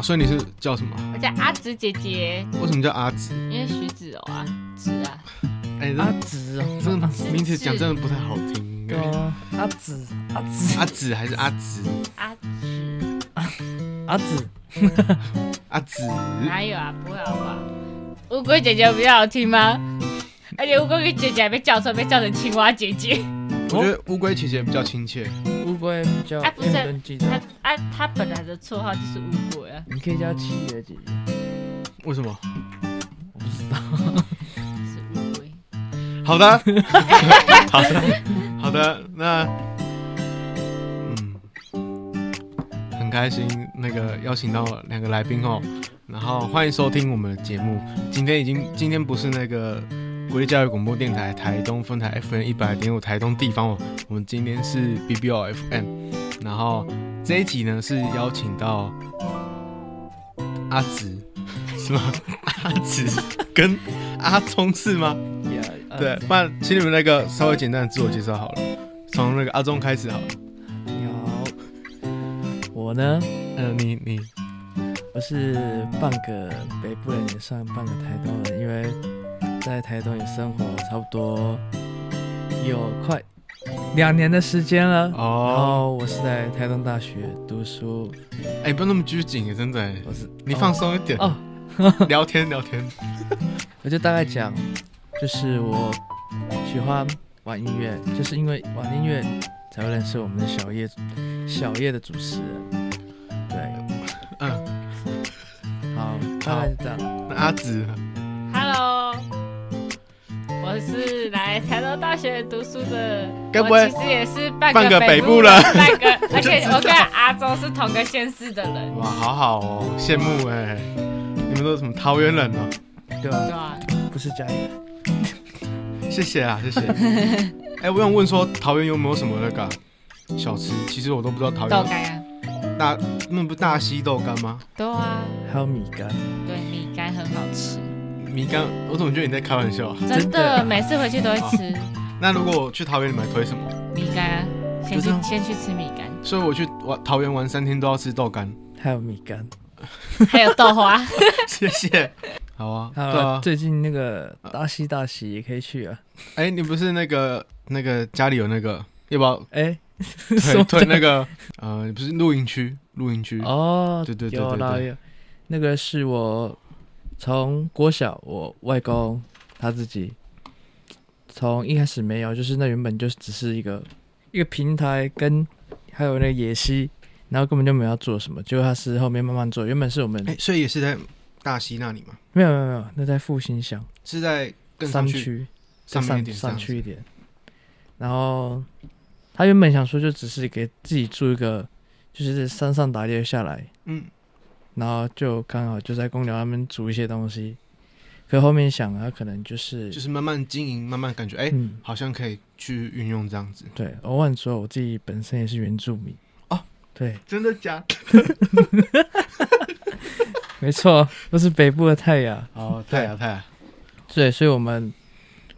所以你是叫什麼？我叫阿紫姐姐。為什麼叫阿紫？因為徐芷柔啊，紫啊。哎、欸，阿紫、啊，哦、欸，真的名字講真的不太好聽。阿紫，阿紫，阿、啊、紫、啊啊、還是阿、啊、紫，阿紫，阿、啊、紫，阿紫、啊 啊，哪有啊？不會好不好？烏龜姐姐比較好聽嗎？而且烏龜姐姐還被叫錯，被叫成青蛙姐姐。我覺得烏龜姐姐比較親切。會啊、不會他，他本來的綽號就是烏龜。你可以叫七爺姐姐。為什麼、嗯？我不知道。是烏龜。好的， 好的，好的，好的，那、嗯、很開心，那個邀請到兩個來賓哦，嗯、然後歡迎收聽我們的節目。今天已經，今天不是那個。國立教育廣播電臺，臺臺東分臺 FM 一百零五，臺東地方，我們今天是 B B R F M，然後這一集呢是邀請到阿芷，是嗎？ 阿芷跟阿宗是嗎？ 對，那請你們那個稍微簡單的自我介紹好了，從那個阿宗開始好了。你好，我呢？呃，你你，我是半個北部人，也算半個臺東人，因為。在台東也生活差不多有快兩年的時間了。哦、oh.，然後我是在台東大學讀書。哎、欸，不用那麼拘謹，真的。我是、oh. 你放鬆一點哦，oh. 聊天聊天。我就大概講，就是我喜歡玩音樂，就是因為玩音樂才會認識我們的小葉，小葉的主持人。對，嗯，好，大概就這樣。那阿芷。我是來台大大學讀書的，我其實也是半個北部人，半個， 個，而且我跟阿宗是同個縣市的人。哇，好好哦，羨慕哎、欸嗯，你們都是什麼桃園人哦？對啊，對啊，不是家人。 謝謝啊，謝謝。哎、 欸，我想問說，桃園有沒有什麼那個小吃？其實我都不知道桃園。豆干、啊。大，那那不大溪豆干嗎？對啊。還有米干。對，米干很好吃。米乾，我怎麼覺得你在開玩笑、啊？真的， 每次回去都會吃。 那如果我去桃園，你們推什麼？米乾，先去、就是啊、先去吃米干。所以我去玩桃園玩三天都要吃豆乾，還有米乾， 還有豆花。 謝謝。好啊，好啊。最近那個大喜大喜也可以去啊。哎、欸，你不是那個那個家裡有那個要不要？哎、欸，對對，那個呃，你不是露營區，露營區哦，對對對對對，對那個是我。從國小，我外公他自己，從一開始沒有，就是那原本就只是一個一個平台跟，跟還有那個野溪，然後根本就沒有要做什麼。結果他是後面慢慢做，原本是我們，欸、所以也是在大溪那裡嗎？沒有沒有沒有，那在復興鄉，是在山區，山山山區一點。然後他原本想說，就只是給自己做一個，就是在山上打獵下來。嗯。然後就剛好就在公寮那邊煮一些東西，可後面想了，啊，可能就是就是慢慢經營，慢慢感覺哎、欸嗯，好像可以去運用這樣子。對，偶爾說，我自己本身也是原住民哦，對，真的假？ 沒錯，都是北部的泰雅哦，泰雅泰雅。對，所以我們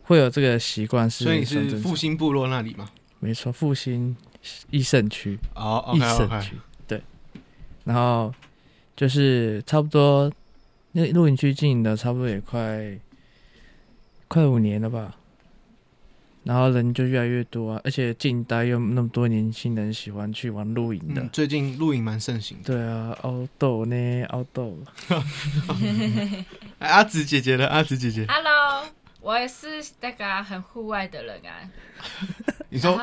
會有這個習慣，是所以你是復興部落那里嗎？沒錯，復興義盛區哦，義盛區對，然後。就是差不多，那露營區經營的差不多也快快五年了吧，然後人就越來越多啊，而且近代又那麼多年輕人喜歡去玩露營的、嗯。最近露營蠻盛行的。對啊，凹豆呢？凹豆 哎。阿紫姐姐了，阿紫姐姐。Hello，我也是那個很戶外的人啊。你 說？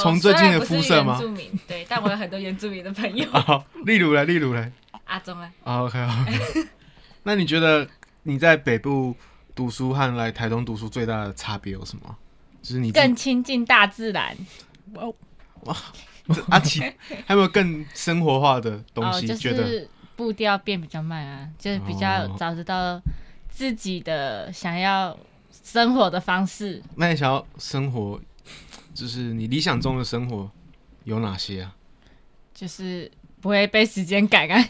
從最近的膚色嗎？對，但我有很多原住民的朋友。好，例如嘞，例如嘞。阿、啊、中啊、oh,，OK OK， 那你覺得你在北部讀書和來台東讀書最大的差別有什麼？就是你更親近大自然。哇、oh. oh. 啊，阿奇，還有沒有更生活化的東西？覺、oh, 得步調變比較慢啊，oh. 就是比較找得到自己的想要生活的方式。那你想要生活，就是你理想中的生活有哪些啊？就是。不會被時間趕改。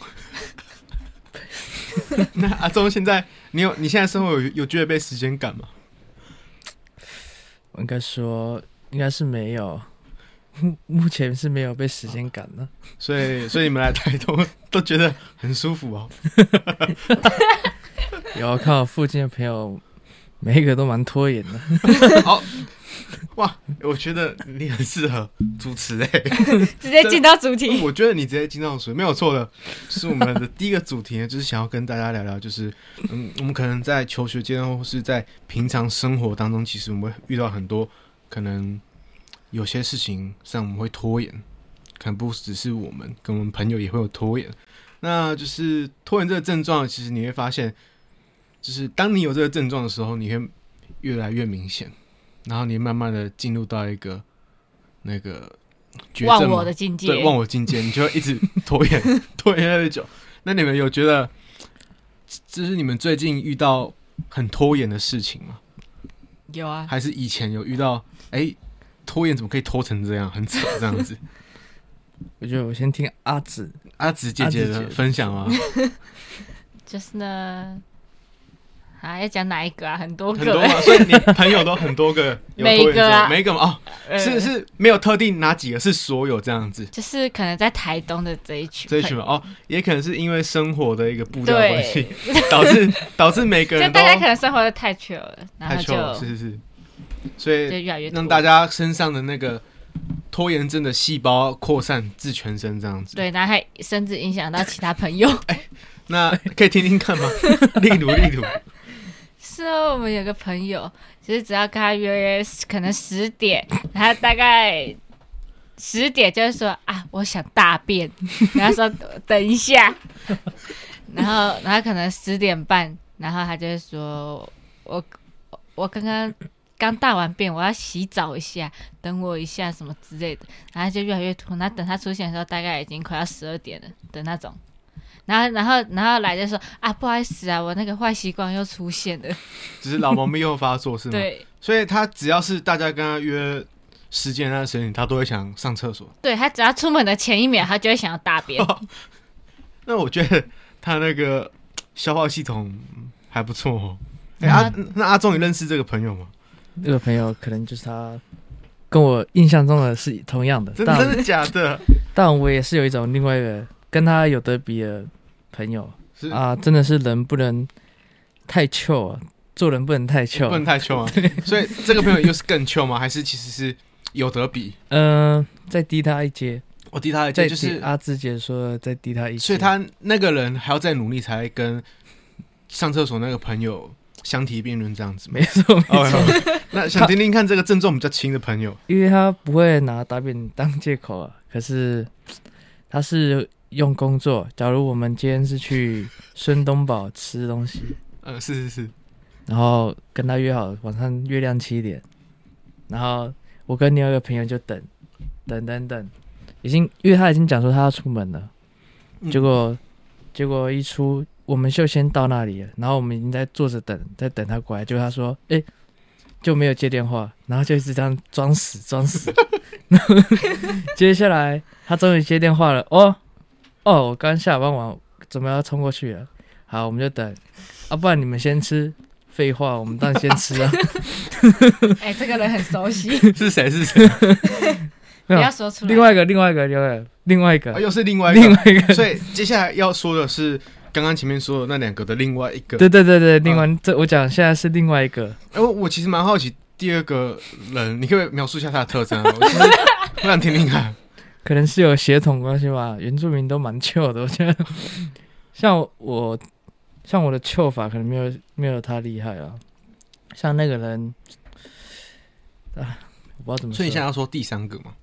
那阿宗，現在你有你現在生活有有覺得被時間趕嗎？我應該說，應該是沒有，目目前是沒有被時間趕的。所以，所以你們來台東都， 都覺得很舒服哦。 有，看我附近的朋友。每一個都蠻拖延的 好，好哇！我覺得你很適合主持誒、欸， 直接進到主題。我覺得你直接進到主題沒有錯的，就是我們的第一個主題呢， 就是想要跟大家聊聊，就是嗯，我們可能在求學階段或是在平常生活當中，其實我們會遇到很多可能有些事情上我們會拖延，可能不只是我們，跟我們朋友也會有拖延。那就是拖延這個症狀，其實你會發現。就是當你有這個症狀的時候，你會越來越明顯，然後你慢慢的進入到一個那個絕症嘛，忘我的境界。對，忘我境界， 你就會一直拖延拖延很久。那你們有覺得，這是你們最近遇到很拖延的事情嗎？有啊，還是以前有遇到？哎、欸，拖延怎麼可以拖成這樣，很扯這樣子？ 我覺得我先聽阿芷阿芷姐姐的分享啊，姐姐 就是呢。啊，要講哪一個啊？很多個、欸很多，所以你朋友都很多個,有 每個、啊，每個每個哦，是、欸、是，是沒有特定哪幾個，是所有這樣子。就是可能在台東的這一群，這一群哦，也可能是因為生活的一個步調關係，導致導致每個人 大家可能生活的太 chill 了，太 chill 了。是是是，所以就越來越讓大家身上的那個拖延症的細胞擴散至全身這樣子。對，然後還甚至影響到其他朋友。哎、 欸，那可以聽聽看嗎？例 如 例如。例如是哦，我們有個朋友，其實只要跟他約約，可能十點，然後大概十點，就是說啊，我想大便，然後說等一下，然後然後可能十點半，然後他就說，我我我剛剛剛大完便，我要洗澡一下，等我一下什麼之類的，然後就越來越拖，那等他出現的時候，大概已經快要十二點了的那種。然後，然後，然後來的時候啊，不好意思啊，我那個壞習慣又出現了，只是老毛病又發作是嗎？ 對，所以他只要是大家跟他約時間，的那個時間他都會想上廁所。對，他只要出門的前一秒，他就會想要大便。哦、那我覺得他那個消化系統還不錯、哦。阿、嗯欸啊嗯、那阿宗，你、啊、認識這個朋友嗎？這個朋友可能就是他跟我印象中的是同樣的，真的，真的，真的假的？但我也是有一種另外一個。跟他有得比的朋友是啊，真的是人不能太 chill 啊，做人不能太 chill，啊，不能太 chill 啊。所以這個朋友又是更 chill 嗎？ 還是其實是有得比？嗯、呃，再低他一階，我低他一階，就是阿芷姐說的再低他一階。所以他那個人還要再努力才跟上廁所那個朋友相提並論這樣子。沒錯，沒錯。Oh, okay, okay. 那想聽聽看這個症狀比較輕的朋友，因為他不會拿大便當借口啊。可是他是。用工作，假如我們今天是去孫東寶吃東西，呃、嗯，是是是，然後跟他約好晚上月亮七點，然後我跟你有一個朋友就等等等等，已經因為他已經講說他要出門了，結果、嗯、結果一出我們就先到那裡了，然後我們已經在坐着等，在等他過來，結果他說誒、欸、就沒有接電話，然後就一直這樣裝死裝死， 然後接下來他終於接電話了哦。哦，我剛下班完，我怎麼要衝過去了？好，我們就等。啊，不然你們先吃。廢話，我們當然先吃啊。哎、 欸，這個人很熟悉。 是誰？是誰？ 不要說出來。另外一個，另外一個，另外另外一個、啊，又是另外一個，另外一個。所以接下來要說的是剛剛前面說的那兩個的另外一個。 對對對對，另外、嗯、這我講現在是另外一個。哎、欸，我其實蠻好奇第二個人，你可不可以描述一下他的特徵、啊、 我其實我想聽聽看、啊。可能是有血統關係吧，原住民都蠻 chill 的。我覺得像我像我的 chill 法，可能沒有沒有他厲害啊。像那個人啊，我不知道怎麼說。所以你現在要說第三個嗎？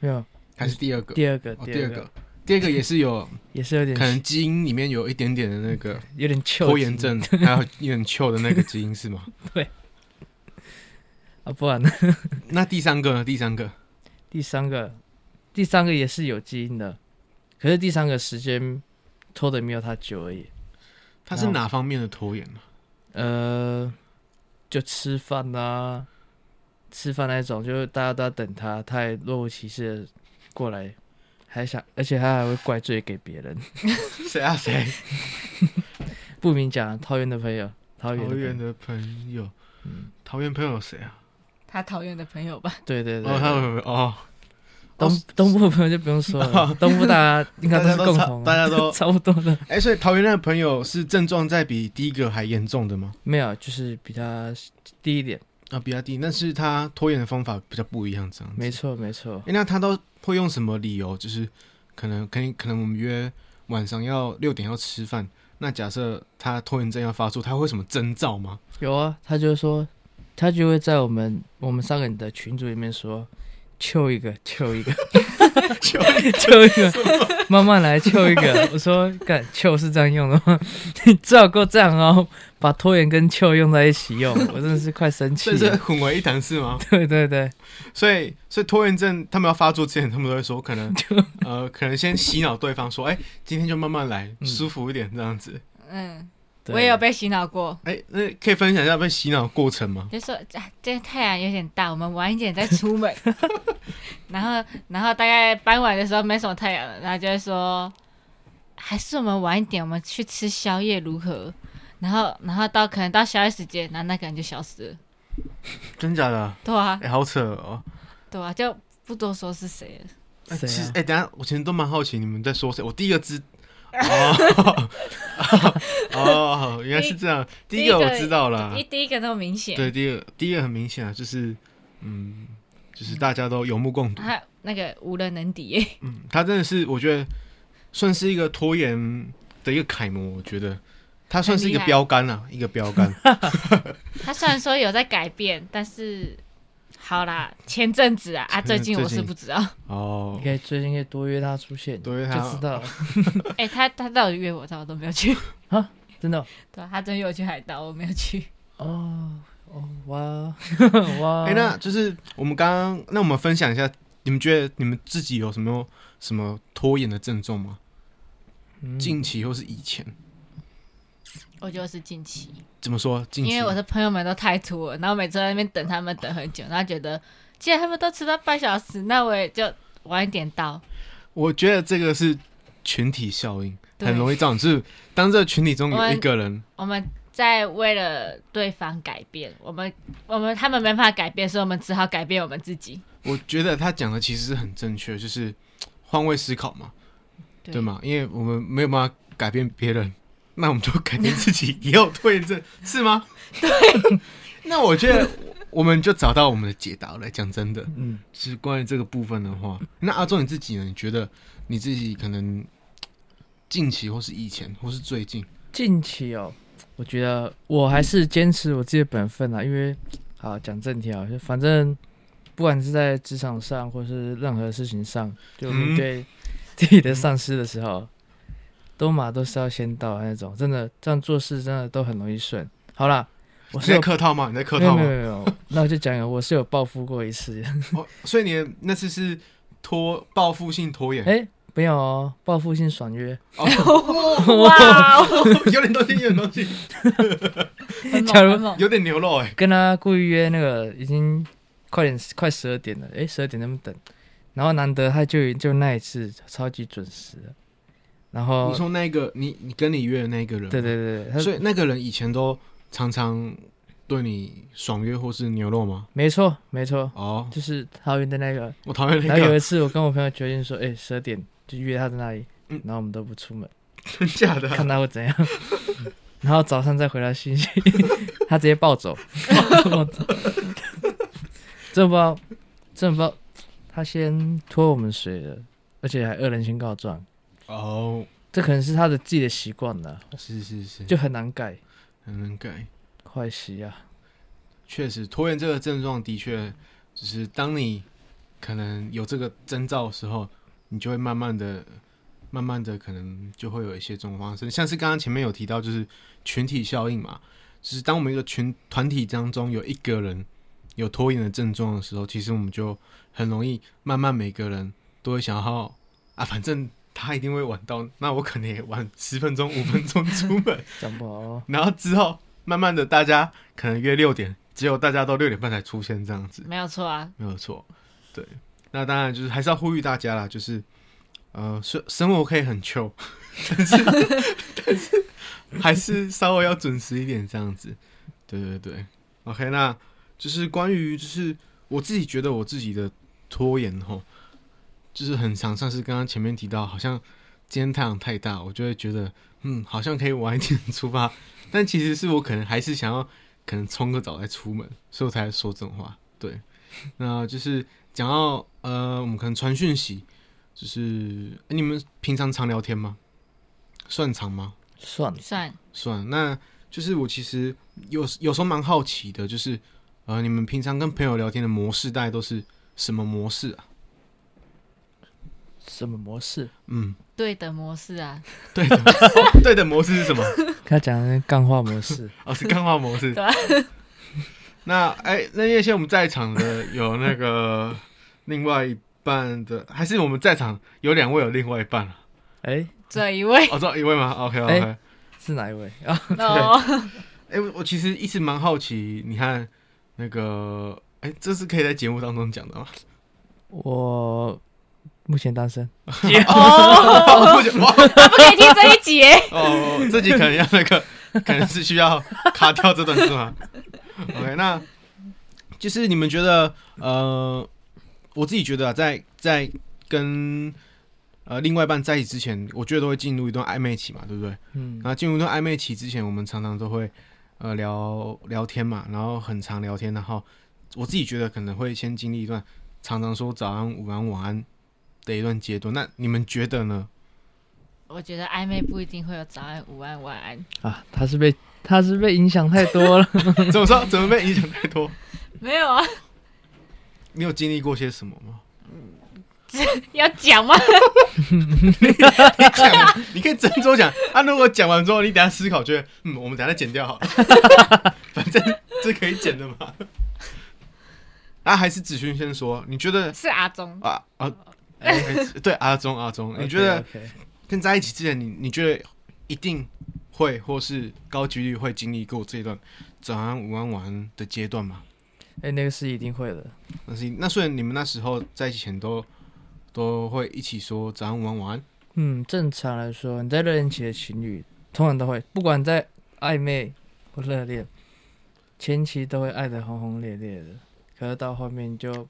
沒有，還是第二個？第二個，喔，第二個，喔，第二個，第二個也是有，也是有點，可能基因裡面有一點點的那個，有點 chill，拖延症還有有點 chill 的那個基因 是嗎？對。啊，不然那第三個呢？第三個？第三個？第三個也是有基因的，可是第三個時間拖得沒有他久而已。他是哪方面的拖延呢？呃，就吃飯啊，吃飯那一種，就是大家都要等他，他也若無其事的過來，還想，而且他還會怪罪給別人。 誰啊？誰？ 不明講。桃園的朋友，桃園的朋友。桃園朋友、嗯、朋友誰啊？他桃園的朋友吧？對對對對。哦、oh，他有？哦。東、哦、東部的朋友就不用說了，哦、東部大家應該都是共同，大家都差不多的。哎、欸，所以桃園那個朋友是症狀在比第一個還嚴重的嗎？沒有，就是比他低一點。啊，比他低，但是他拖延的方法比較不一樣，這樣。沒錯，沒錯。哎、欸，那他都會用什麼理由？就是可能，可能我們約晚上要六點要吃飯，那假設他拖延症要發作，他會什麼徵兆嗎？有啊，他就會說，他就會在我們我們三個人的群組裡面說。揪一個，揪一個，揪 一個， 一個，慢慢來，揪一個。我說，幹，揪是這樣用的嗎？你照個這樣哦，把拖延跟揪用在一起用，我真的是快生氣。 這是混為一談是嗎？對對對，所以所以拖延症他們要發作之前，他們都會說，可能呃，可能先洗腦對方說，哎、欸，今天就慢慢來，舒服一點這樣子。嗯。嗯我也有被洗腦過，哎、欸，那可以分享一下被洗腦的過程嗎？就說這、啊、太陽有點大，我們晚一點再出門。 然後，然後大概傍晚的時候沒什麼太陽了，然後就會說，還是我們晚一點，我們去吃宵夜如何？然後，然後到可能到宵夜時間，然後那個人就消失了。真假的？對啊。哎、欸，好扯哦。對啊，就不多說是誰了，欸。其實，哎、欸，等下，我其實都蠻好奇你們在說誰。我第一個知。哦 哦，原來是這樣。 第一個我知道了，第一個那麼明顯。對，第二，第一個很明顯啊，就是，嗯，就是大家都有目共睹。啊、他那個無人能敵。嗯，他真的是，我覺得算是一個拖延的一個楷模。我覺得他算是一個標杆啊，一個標杆。 他雖然說有在改變，但是。好啦，前陣子啊，啊，最近我是不知道哦。可以最近可以多約他出現，多約他就知道了。哎、 欸，他他到底約我，我都沒有去啊？真的？ 對，他真約我去海島，我沒有去。哦哦哇哇！哎、 欸，那就是我們剛剛，那我們分享一下，你們覺得你們自己有什麼什麼拖延的症狀嗎、嗯？近期或是以前？我就是近期，怎麼說，近期？因為我的朋友們都太拖，然後我每次在那邊等他們等很久，然後覺得既然他們都遲到半小時，那我也就晚一點到。我覺得這個是群體效應，很容易這樣。就是，是當這個群體中有一個人，我們，我們在為了對方改變，我們我們他們沒辦法改變，所以我們只好改變我們自己。我覺得他講的其實是很正確，就是換位思考嘛，對嗎？因為我們沒有辦法改變別人。那我們就肯定自己也有拖延症， 是嗎？對。 那我覺得，我們就找到我們的解答了，講真的，嗯，是關於這個部分的話，那阿宗你自己呢？你覺得你自己可能近期或是以前或是最近？近期哦，我覺得我還是堅持我自己的本分啦、啊嗯。因為，好講正題啊，反正不管是在職場上，或是任何事情上，就面對自己的上司的時候。嗯 都嘛都是要先到那種，真的這樣做事真的都很容易順。好啦，我是在客套嗎？你在客套嗎？沒有沒有，沒有， 那我就講，我是有報復過一次， 哦。所以你那次是拖報復性拖延？哎，欸，沒有哦，報復性爽約。哦，哇， 有點東西，有點東西。 假如有點牛肉哎，欸，跟他故意約那個已經快點快十二點了，哎，欸，十二點那邊等，然後難得他就就那一次超級準時。然後你說那個你你跟你約的那個人，對對對，所以那個人以前都常常對你爽約或是牛肉嗎？沒錯沒錯，哦、oh,，就是桃園的那個，我桃園那個。然後有一次我跟我朋友決定說，哎、 欸，十二點就約他在那裡、嗯，然後我們都不出門，真假的、啊， 看他會怎樣、 嗯。然後早上再回他信息， 他直接暴走， 暴走，正包正包，他先拖我們水了，而且還惡人先告狀。哦、oh,，這可能是他的自己的習慣了、啊，是是是，就很難改，很難改，壞習慣。確實，拖延這個症狀的確，就是當你可能有這個徵兆的時候，你就會慢慢的、慢慢的，可能就會有一些這種發生。像是剛剛前面有提到，就是群體效應嘛，就是當我們一個群團體當中有一個人有拖延的症狀的時候，其實我們就很容易慢慢每個人都會想要啊，反正。他一定會晚到，那我可能也晚十分鐘、五分鐘出門。 然後之後慢慢的，大家可能約六點，只有大家都六點半才出現，這樣子沒有錯啊，沒有錯。對，那當然就是還是要呼籲大家啦，就是呃，生生活可以很 chill，但是 但是還是稍微要準時一點這樣子。對對對，OK，那就是關於就是我自己覺得我自己的拖延哦。就是很常像是剛剛前面提到，好像今天太陽太大，我就會覺得嗯，好像可以晚一點出發。但其實是我可能還是想要可能沖個澡再出門，所以我才來說這種話。對，那就是講到呃，我們可能傳訊息，就是、欸、你們平常常聊天嗎？算常嗎？算算算。那就是我其實有有時候蠻好奇的，就是呃，你們平常跟朋友聊天的模式，大概都是什麼模式啊？什麼模式？嗯，對等模式啊。對等對等模式是什麼？ 他講的是鋼化模式 哦，是鋼化模式。 對啊、 那哎、欸，那因為現在我們在場的有那個另外一半的，還是我們在場有兩位有另外一半啊。哎、欸，這、哦、一位哦，這一位嗎？OK OK，、欸、是哪一位啊？哎、oh, 對 欸，我其實一直蠻好奇，你看那個哎、欸，這是可以在節目當中講的嗎？我。目前單身，哦， 不可以聽這一集，哦，這集可能要那個，可能是需要卡掉這段是嗎 ？OK，那就是你們覺得，呃，我自己覺得，啊，在在跟呃另外一半在一起之前，我覺得都會進入一段曖昧期嘛，對不對？嗯，然後進入一段曖昧期之前，我們常常都會呃聊聊天嘛，然後很常聊天，然後我自己覺得可能會先經歷一段，常常說早安、午安、晚安的一段階段，那你們覺得呢？我覺得曖昧不一定會有早安、午安、晚安啊！他是被他是被影響太多了， 怎麼說？怎麼被影響太多？沒有啊！你有經歷過些什麼嗎？嗯、要講嗎？ 你講，你可以斟酌講。他、 啊、如果講完之後，你等下思考，覺得嗯，我們等下再剪掉好了， 反正這可以剪的嘛。 啊，還是子勳先說，你覺得是阿宗啊啊？啊 欸、對阿宗阿宗，欸、okay, okay。你覺得跟在一起之前你，你你覺得一定會或是高幾率會經歷過這段早安晚安晚安的階段嗎？哎、欸，那個是一定會的。那是那雖然你們那時候在一起前都，都會一起說早安晚安。嗯，正常來說，你在熱戀期的情侶通常都會，不管在曖昧或熱戀前期都會愛得轟轟烈烈的，可是到後面就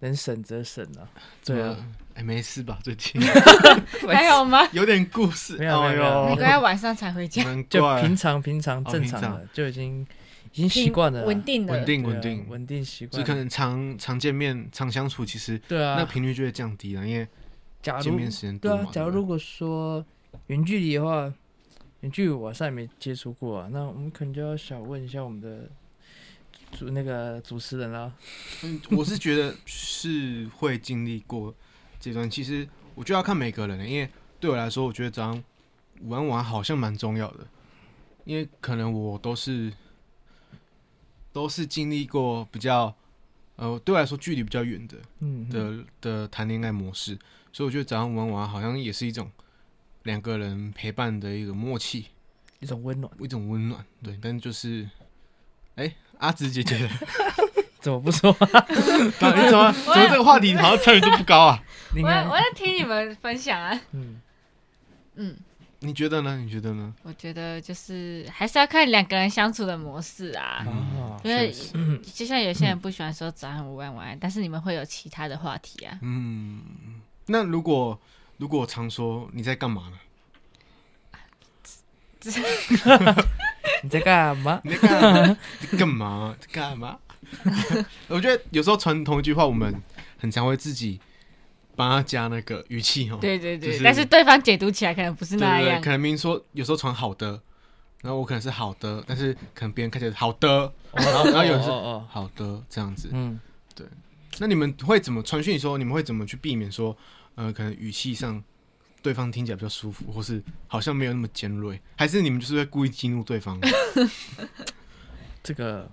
能省則省了、啊。對啊。欸、沒事吧？最近 還有嗎？有點故事。沒有沒有，哦、沒有。沒關係，晚上才回家。就平常平常正常的就已經已經習慣了，穩定的，穩定穩定穩定習慣。只可能常常見面，常相處，其實對啊，那頻率就會降低了。因為見面時間對啊、對啊，假如如果說遠距離的話，遠距離我實在沒接觸過啊。那我們可能就要想問一下我們的主那個主持人啊， 我是覺得是會經歷過。這段其實，我就要看每個人，因為對我來說，我覺得早上玩玩好像蠻重要的，因為可能我都是都是經歷過比較，呃，對我來說距離比較遠的，嗯的的談戀愛模式，所以我覺得早上玩玩好像也是一種兩個人陪伴的一個默契，一種溫暖，一種溫暖，對，但就是，哎、欸，阿芷姐姐。 怎麼不說，啊？ 你怎麼怎麼這個話題好像參與度不高啊？我我要聽你們分享啊。嗯 你覺得呢？你覺得呢？我覺得就是還是要看兩個人相處的模式啊。因，啊，為，就是，就像有些人不喜歡說“早安”“午安”，晚安。但是你們會有其他的話題啊。嗯，那如果如果我常說你在幹嘛呢？ 你在幹幹嘛？ 你在幹幹嘛？ 在幹幹嘛？ 我覺得有時候傳同一句話，我們很常會自己幫他加那個語氣，對對對、就是，但是對方解讀起來可能不是那樣。對對對，可能明說有時候傳好的，然後我可能是好的，但是可能別人看起來好的，然後然後有時哦好的這樣子。 嗯，對。那你們會怎麼傳訊的時候，你們會怎麼去避免說？呃，可能語氣上對方聽起來比較舒服，或是好像沒有那麼尖銳，還是你們就是會故意激怒對方？ 這個。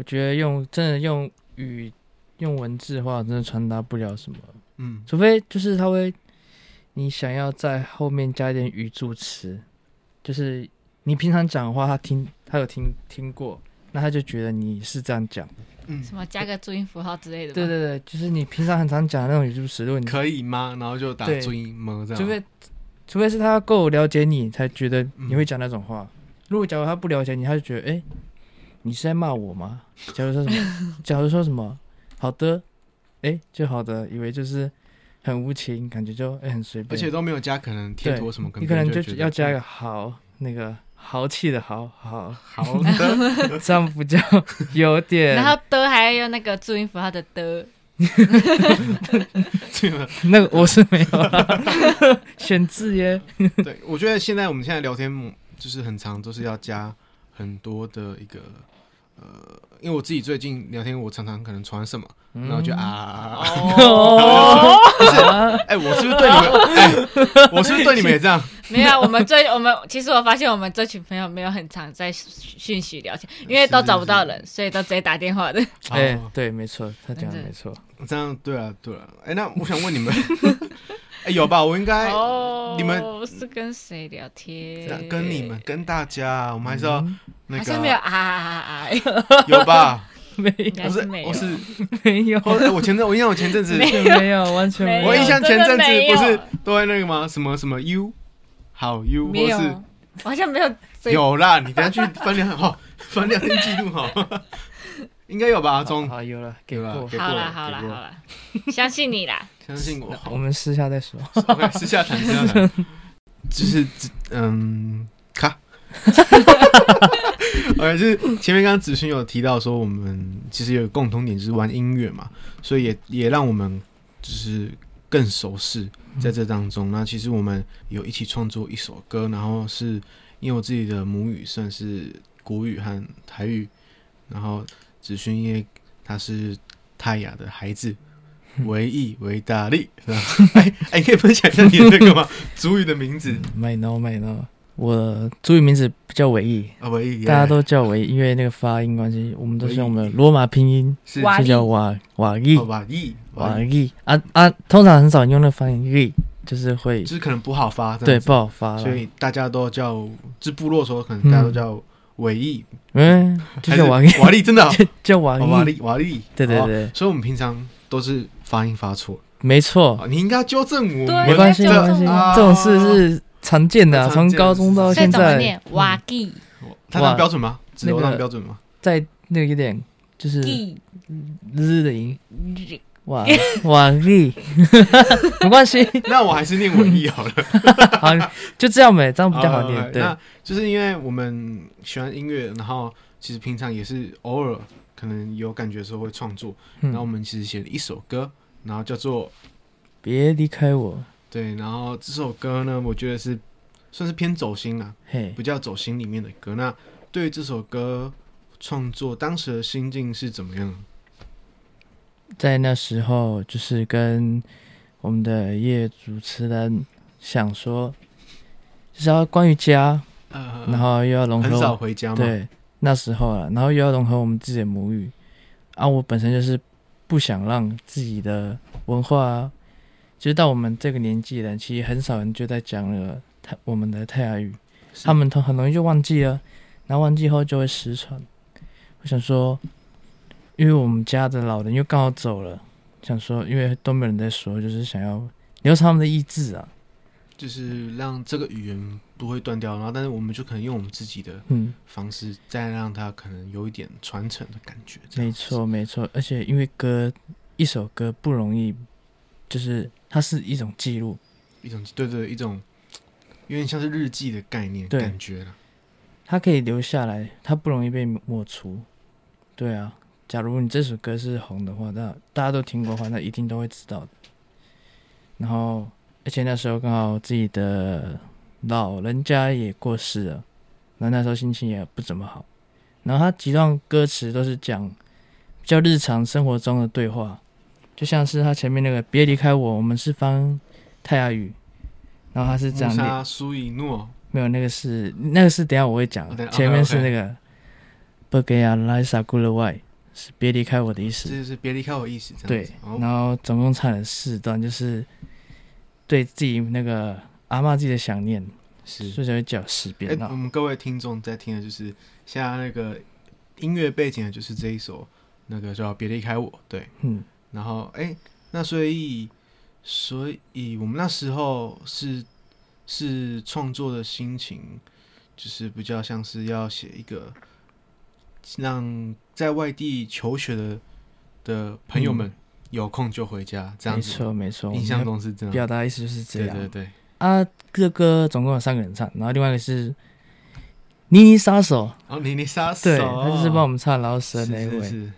我覺得用真的用語用文字的話，真的傳達不了什麼。嗯，除非就是他會，你想要在後面加一點語助詞，就是你平常講的話，他聽他有聽聽過，那他就覺得你是這樣講。嗯，什麼加個注音符號之類的。對對對，就是你平常很常講的那種語助詞，如果你可以嗎？然後就打注音嗎？這樣。除非，除非是他夠了解你，才覺得你會講那種話，嗯。如果假如他不了解你，他就覺得哎。欸你是在罵我嗎？假如說什麼， 假如說什麼，好的，哎、欸，就好的，以為就是很無情，感覺就、欸、很隨便，而且都沒有加可能貼圖什麼，你可能就要加一個豪、嗯，那個豪氣的豪，好好的， 這樣比較有點。 然後的還要用那個注音符號的的。對，了，那個我是沒有了， 選字耶。 對，我覺得現在我們現在聊天就是很常，都是要加。很多的一個，呃。因為我自己最近聊天，我常常可能傳什麼、嗯，然後就啊，哎、哦 欸，我是不是對你們、 欸，我是不是對你們也這樣？沒有、啊，我們這我們其實我發現我們這群朋友沒有很常在訊息聊天，因為都找不到人，是是是所以都直接打電話的。哎、欸哦，對，沒錯，他講的沒錯，這樣對啊，對啊。哎、欸，那我想問你們，哎、 欸，有吧？我應該、哦，你們是跟誰聊天？跟你們，跟大家，我們還是要，、那個、還是沒有啊啊啊！有、啊。啊啊 啊，沒有，我是我是沒有，我我前陣我印象我前陣子 沒有完全沒有，我印象前陣子不是都在那個嗎？什麼什麼 U，好 U，是我好像沒有，有啦，你等下去翻兩、 哦，翻兩天記錄好， 應該有吧？阿宗好，好，好有了，給了，好了好了好了，相信你啦，相信我，no. 我們私下再說，私、okay, 私下談下談下談， 就是嗯，卡。哈哈哈哈哈！是前面剛剛子勳有提到說，我們其實有共同點，就是玩音樂嘛，所以也也讓我們就是更熟悉在這當中。嗯、那其實我們有一起創作一首歌，然後是因為我自己的母語算是國語和台語，然後子勳因為他是泰雅的孩子，維一維大力。 哎哎，你可以分享一下你的這個嗎？ 族語的名字？Mayno Mayno。嗯 may no, may no. 我注意名字不叫偉毅，大家都叫偉毅，因為那個發音關係，我們都是用我們的羅馬拼音，是，是就叫瓦瓦毅，瓦毅，瓦毅啊啊！通常很少用那個發音，就是會，就是可能不好發，對，不好發，所以大家都叫，就部落的時候可能大家都叫偉毅，嗯，是 就叫瓦瓦毅，真的叫瓦瓦毅，瓦毅，對對對、啊，所以我們平常都是發音發錯，沒錯，你應該糾正我，沒關係，沒關係，這種事是。常見的、啊常見，從高中到現在，他很、嗯、標準嗎？那個、只有那標準嗎？在那個有點就是日、日的音，哇！哇！日 哇，沒關係。那我還是念文藝好了。 好，就這樣唄，這樣比較好念、uh, okay, 對。那就是因為我們喜歡音樂，然後其實平常也是偶爾可能有感覺的時候會創作、嗯，然後我們其實寫了一首歌，然後叫做《別離開我》。對，然後這首歌呢，我覺得是算是偏走心了，啊，不、hey, 叫走心裡面的歌。那對於這首歌創作當時的心境是怎麼樣？在那時候，就是跟我們的葉主持人想說，就是要關於家，呃、然後又要融合，很早回家。對，那時候了，啊，然後又要融合我們自己的母語。啊，我本身就是不想讓自己的文化、啊。其實到我們這個年紀了，其實很少人就在講了泰，我們的泰雅語，他們很很容易就忘記了，然後忘記後就會失傳。我想說，因為我們家的老人又剛好走了，想說因為都沒有人在說，就是想要留他們的意志啊，就是讓這個語言不會斷掉。然後，但是我們就可能用我們自己的方式，再讓它可能有一點傳承的感覺、嗯。沒錯，沒錯。而且因為歌一首歌不容易，就是。它是一種記錄，一種對，對對，一種有點像是日記的概念，對，感覺，它可以留下來，它不容易被抹除。對啊，假如你這首歌是紅的話，那大家都聽過的話，那一定都會知道的。然後，而且那時候剛好自己的老人家也過世了，那那時候心情也不怎麼好。然後，他幾段歌詞都是講比較日常生活中的對話。就像是他前面那個“別離開我”，我們是翻泰雅語，然後他是這樣念，嗯。沒有那個是，那個是等下我會講，okay, 前面是那個 b u r g a y a l i s a guluai” 是“別離開我的意思”。就是，是“別離開我”意思。對，哦，然後總共唱了四段，就是對自己那個阿媽自己的想念，所以才會叫十遍。我們各位聽眾在聽的就是現在那個音樂背景，就是這一首那個叫“別離開我”。對，嗯。然後，哎，那所以，所以我們那時候是是創作的心情，就是比較像是要寫一個讓在外地求學的的朋友們有空就回家，嗯、這樣子的。沒錯，沒錯，印象中是這樣。的表達意思就是這樣。對對對。啊，這個、歌總共有三個人唱，然後另外一個是妮妮殺手，哦，妮妮殺手，對，他就是幫我們唱饒舌那一位？是是是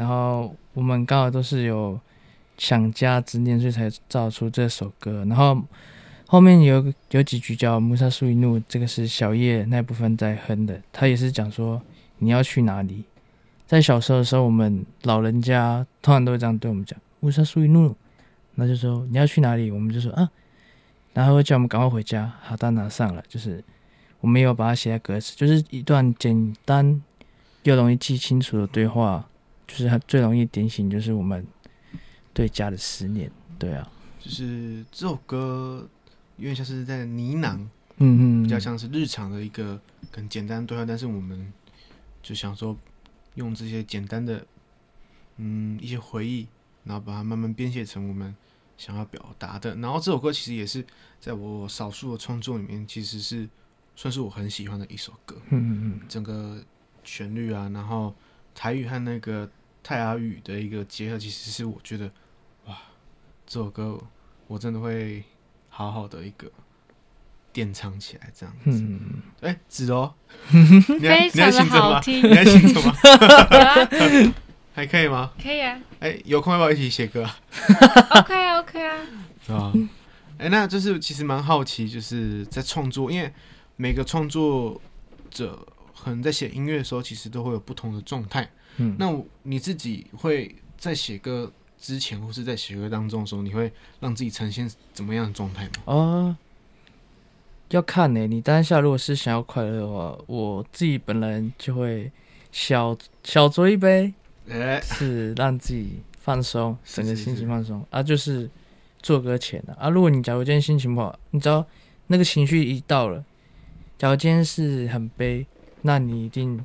然後我們剛好都是有想家之念，所以才造出這首歌。然後後面有有幾句叫“木莎蘇一怒”，這個是小葉那部分在哼的。他也是講說你要去哪裡。在小時候的時候，我們老人家通常都會這樣對我們講：“木莎蘇一怒”，那就說你要去哪裡，我們就說啊，然後會叫我們趕快回家。好到哪上了？就是我們也有把它寫在歌詞，就是一段簡單又容易記清楚的對話。就是它最容易點醒，就是我們對家的思念，對啊。就是這首歌因為像是在呢喃，嗯嗯，比較像是日常的一個很簡單對話，但是我們就想說用這些簡單的，嗯，一些回憶，然後把它慢慢編寫成我們想要表達的。然後這首歌其實也是在我少數的創作裡面，其實是算是我很喜歡的一首歌，嗯嗯嗯，整個旋律啊，然後台語和那個。泰雅語的一個結合，其實是我覺得，哇，這首歌我真的會好好的一個典藏起來，這樣子。哎、嗯，芷柔、欸、哦， 你常行好嗎？你還行嗎、啊啊 啊？還可以嗎？可以啊。哎、欸，有空要不要一起寫歌啊 ？OK 啊，OK 啊，哎、 欸，那就是其實蠻好奇，就是在創作，因為每個創作者可能在寫音樂的時候，其實都會有不同的狀態。那你自己會在寫歌之前，或是在寫歌當中的時候，你會讓自己呈現怎麼樣的狀態嗎？啊、哦，要看呢、欸。你當下如果是想要快樂的話，我自己本來就會小小酌一杯、欸，是讓自己放鬆，是是是整個心情放鬆。是是是啊，就是做歌前啊，啊如果你假如今天心情不好，你知道那個情緒一到了，假如今天是很悲，那你一定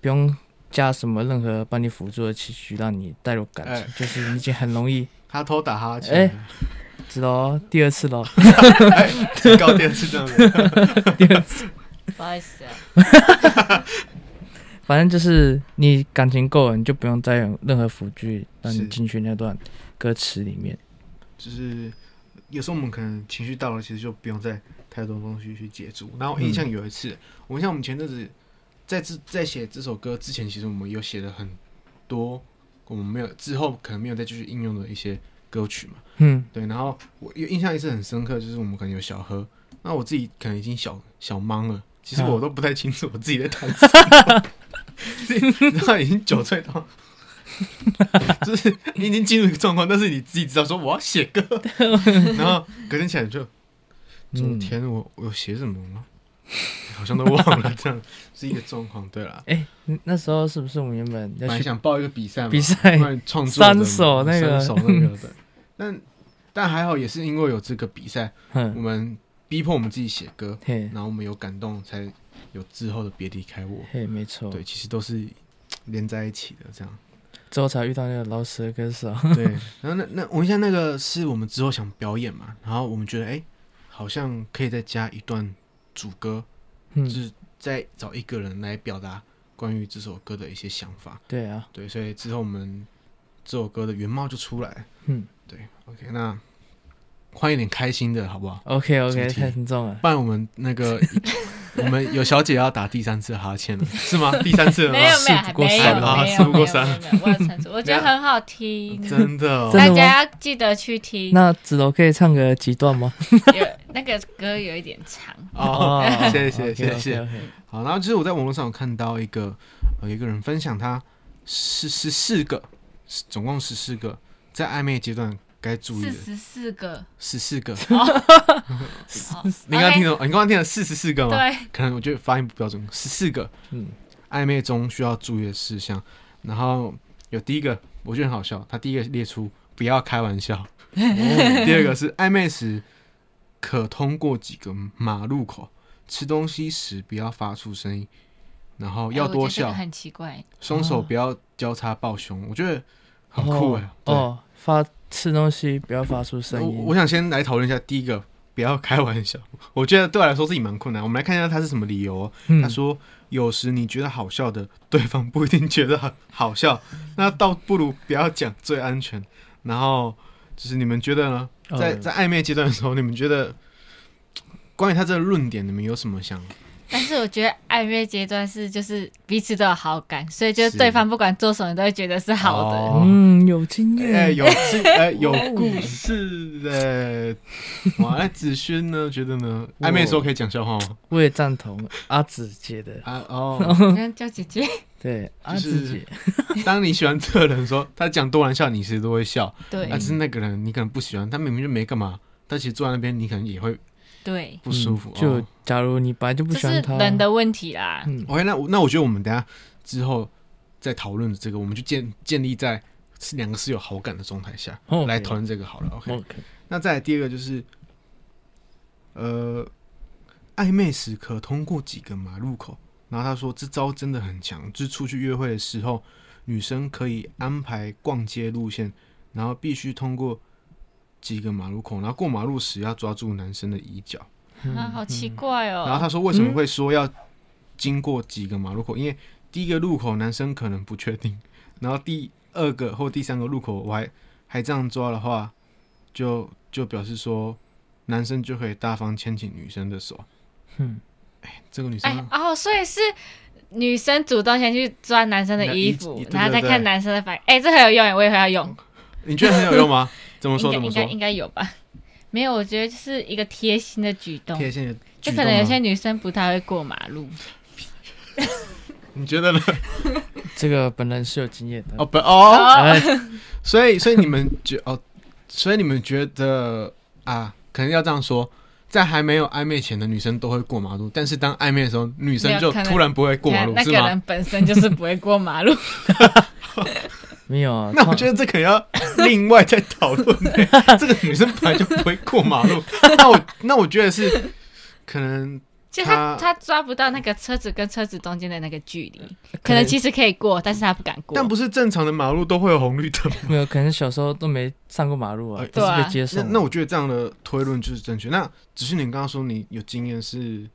不用加什麼任何幫你輔助的情緒，讓你帶入感情，欸、就是你已經很容易。他偷打哈欠，知道哦，第二次了，最 高、 欸、第二次了， 第二次，不好意思啊， 反正就是你感情夠了，你就不用再用任何輔助讓你進去那段歌詞裡面。是，就是有時候我們可能情緒到了，其實就不用再太多東西去借助。那我印象有一次，嗯、我印象我們前陣子。在這在寫這首歌之前，其實我們有寫了很多，我們沒有之後可能沒有再繼續應用的一些歌曲嘛，嗯，對。然後我印象也是很深刻，就是我們可能有小喝，那我自己可能已經小小懵了，其實我都不太清楚、啊、我自己在彈什麼，已經酒醉到， 就是你已經進入一個狀況，但是你自己知道說我要寫歌， 然後隔天起來就，天，我我寫什麼了？好像都忘了，這樣 是一個狀況。對了，哎、欸，那時候是不是我們原本，本來想報一個比賽？比賽創作三首那個三首那個的， 但但還好，也是因為有這個比賽、嗯，我們逼迫我們自己寫歌，然後我們有感動，才有之後的別離開我。嘿，對沒錯，對，其實都是連在一起的。這樣之後才遇到那個老師的歌手。對，然後那那我們現在那個是我們之後想表演嘛，然後我們覺得哎、欸，好像可以再加一段。主歌，就是在找一個人來表達關於這首歌的一些想法。對啊，對，所以之後我們這首歌的原貌，就出來。嗯，對，OK，那。換一點開心的，好不好？OK OK，太沉重了。不然我們那個 我們有小姐要打第三次哈欠、啊、了，是嗎？第三次了嗎？ 沒有，沒有，沒有，沒有。我唱主， 我覺得很好聽， 真的、哦。大家要記得去聽。 那芷柔可以唱個幾段嗎？ 有那個歌有一點長。哦，謝謝謝謝好，然後其實我在網絡上有看到一個有、呃、一個人分享，他十十四個，總共十四個，在曖昧階段。該注意的四十四個，十四個，哦、 你剛剛聽到、哦 okay？你剛剛聽了四十四個嗎？對，可能我覺得發音不標準，十四個。嗯，曖昧中需要注意的事項，然後有第一個，我覺得很好笑。他第一個列出不要開玩笑，哦、 第二個是曖昧時可通過幾個馬路口吃東西時不要發出聲音，然後要多笑，欸、很奇怪，雙手不要交叉抱胸、哦，我覺得很酷哎、欸哦。哦，發。吃東西不要發出聲音。我我想先來討論一下，第一個不要開玩笑，我覺得對我來說是蠻困難。我們來看一下他是什麼理由。嗯。他說，有時你覺得好笑的，對方不一定覺得好笑。那倒不如不要講最安全。然後就是你們覺得呢？在在曖昧階段的時候，你們覺得關於他這個論點，你們有什麼想法？但是我覺得曖昧階段是就是彼此都有好感，所以就是對方不管做什麼都會覺得是好的。哦、嗯，有經驗、欸，有經，哎、 欸，有故事的哇，哎， 啊、子勳呢？覺得呢？曖昧的時候可以講笑話嗎？我也贊同阿芷覺得啊，啊哦，叫姐姐對，阿芷姐。就是、 當你喜歡這個人說，說他講多玩笑，你其實都會笑。對，但、啊、是那個人你可能不喜歡，他明明就沒幹嘛，但其實坐在那邊你可能也會。對，不舒服。就假如你本來就不喜歡他，這是人的問題啦。嗯 OK，那那我覺得我們等下之後再討論這個，我們就建建立在是兩個是有好感的狀態下，okay. 來討論這個好了。OK，okay. 那再來第二個就是，呃，曖昧時刻通過幾個馬路口。然後他說這招真的很強，就是出去約會的時候，女生可以安排逛街路線，然後必須通過。幾個馬路口，然後過馬路時要抓住男生的衣角。啊、嗯，好奇怪哦！然後他說：“為什麼會說要經過幾個馬路口？嗯、因為第一個路口男生可能不確定，然後第二個或第三個路口我還還這樣抓的話，就就表示說男生就可以大方牽起女生的手。嗯”哼，哎，這個女生、哎、哦，所以是女生主動先去抓男生的衣服衣，然後再看男生的反應。對對對，哎，這很有用哎，我也會要用。你覺得很有用嗎？ 怎麼，說怎麼說？應該應該有吧？沒有，我覺得是一個貼心的舉動。貼心的就可能有些女生不太會過馬路。 你覺得呢？ 這個本人是有經驗的哦。本、oh, 哦、oh? oh! 啊， 所以所以你們覺哦，所以你們覺得，oh, 們覺得啊，可能要這樣說，在還沒有曖昧前的女生都會過馬路，但是當曖昧的時候，女生就突然不會過馬路，那個人本身就是不會過馬路。 沒有啊，那我覺得這可能要另外再討論、欸。 這個女生本來就不會過馬路， 那我那我覺得是可能他，就她她抓不到那個車子跟車子中間的那個距離，可能其實可以過，但是她不敢過。但不是正常的馬路都會有紅綠燈嗎？沒有，可能小時候都沒上過馬路啊，欸、都是被接受、啊那。那我覺得這樣的推論就是正確。那只是你剛剛說你有經驗是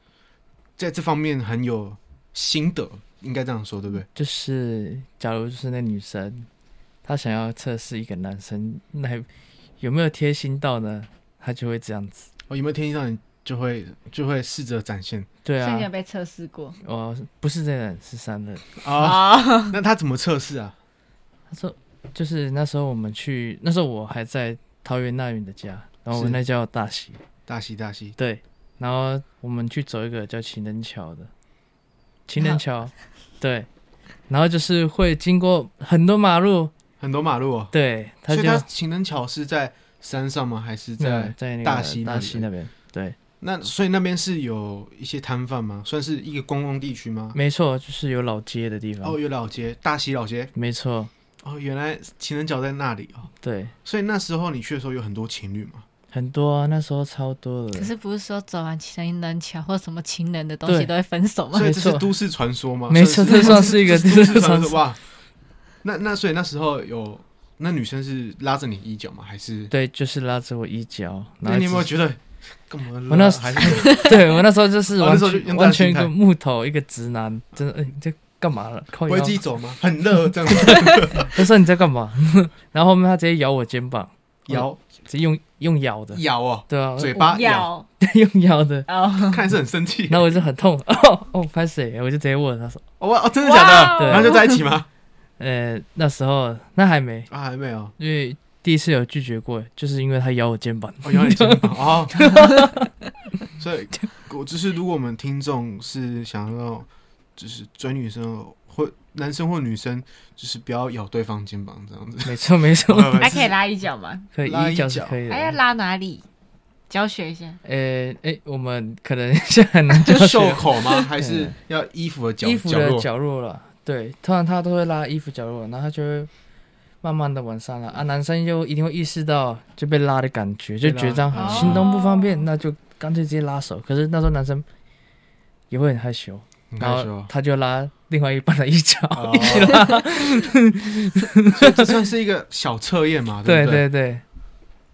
在這方面很有心得，應該這樣說對不對？就是假如就是那女生。他想要測試一個男生那有沒有貼心到呢？他就會這樣子。哦，有沒有貼心到？你就會就會試着展現。對啊。所以你有被測試過。哦，不是這人，是三個人。啊、哦。 那他怎麼測試啊？他說，就是那時候我們去，那時候我還在桃園那遠的家，然後我那叫大溪。大溪，大溪。對。然後我們去走一個叫情人橋的。情人橋。 對。然後就是會經過很多馬路。很多馬路啊、喔，對，他家情人橋是在山上嗎？還是在在大溪大溪那邊？對，那所以那邊是有一些攤販嗎？算是一個觀光地區嗎？沒錯，就是有老街的地方。哦，有老街，大溪老街，沒錯。哦，原來情人橋在那裡哦、喔。對，所以那時候你去的時候有很多情侶嗎？很多啊，那時候超多的。可是不是說走完情人橋或什麼情人的東西都會分手嗎？所以這是都市傳說嗎？沒錯，這算是一個 是都市傳說吧。那那所以那時候有那女生是拉着你衣角嗎？還是對，就是拉着我衣角。那你有沒有覺得幹嘛？我那時候還是 對我那時候就是完全、哦、候就完全一個木頭，一個直男，真的，欸、你在幹嘛了？不會自己走嗎？ 很熱，這樣子。他 說你在幹嘛？ 然後後面他直接咬我肩膀，咬，就直接用用咬的咬哦、喔，對啊，嘴巴咬，咬 用咬的。咬看是很生氣，然後我就很痛。 哦，拍、哦、水，我就直接問他說、哦：“哇、哦，真的假的？” wow! 然後就在一起嗎？ 呃，那時候那還沒啊，還沒有、哦，因為第一次有拒絕過，就是因為他咬我肩膀，我、哦、咬你肩膀啊， 哦、 所以，我只是如果我們聽眾是想要，就是追女生或男生或女生，就是不要咬對方肩膀這樣子，沒錯沒錯、 嗯，還可以拉一腳嘛，拉一腳可以，還要拉哪裡？教學一下，呃，哎、呃，我們可能現在很難教袖、啊、口嗎？還是要衣服的角， 衣服的角落了。嗯對，突然他都會拉衣服角落，然後他就會慢慢的往上了。啊，男生就一定會意識到就被拉的感覺，就覺得這心動不方便，那就乾脆直接拉手。可是那時候男生也會很害羞，害羞然後他就拉另外一半的衣角，哦、一 這算是一個小測驗嘛，對不對？對對，對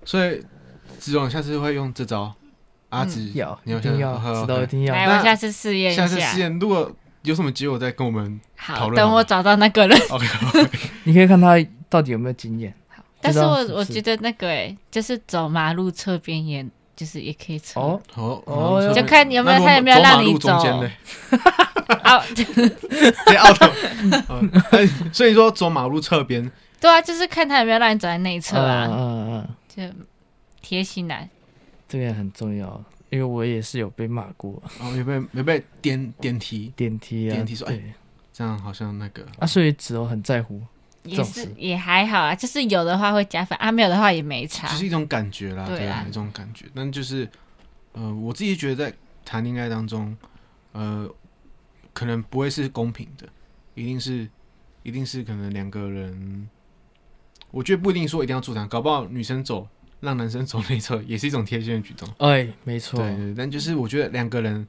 所以子勳下次會用這招，阿芷有、嗯，你一定要和來、哦 okay、我下次試驗一下，下次試驗如果。有什麼機會，再跟我們討論。等我找到那個人 okay，OK，你可以看他到底有沒有經驗。好，但是我我覺得那個哎、欸，就是走馬路側邊也，就是也可以走。哦哦，就看你有沒有他有沒有讓你走。走 哦，對 out，哈！奧特。所以說走馬路側邊。對啊，就是看他有沒有讓你走在那一側啊，嗯、啊、嗯、啊啊、就貼心的。這個很重要。因為我也是有被罵過啊、哦，有被，有被點，點梯，電梯啊，電梯說，哎，這樣好像那個啊，所以只有很在乎，也是也還好啊，就是有的話會加分啊，沒有的話也沒差，只、就是一種感覺啦，對啊對，一種感覺。但就是，呃，我自己覺得在談戀愛當中，呃，可能不會是公平的，一定是，一定是可能兩個人，我覺得不一定說一定要住他，搞不好女生走。讓男生走內側也是一種貼心的舉動，哎、欸，沒錯。對對，但就是我覺得兩個人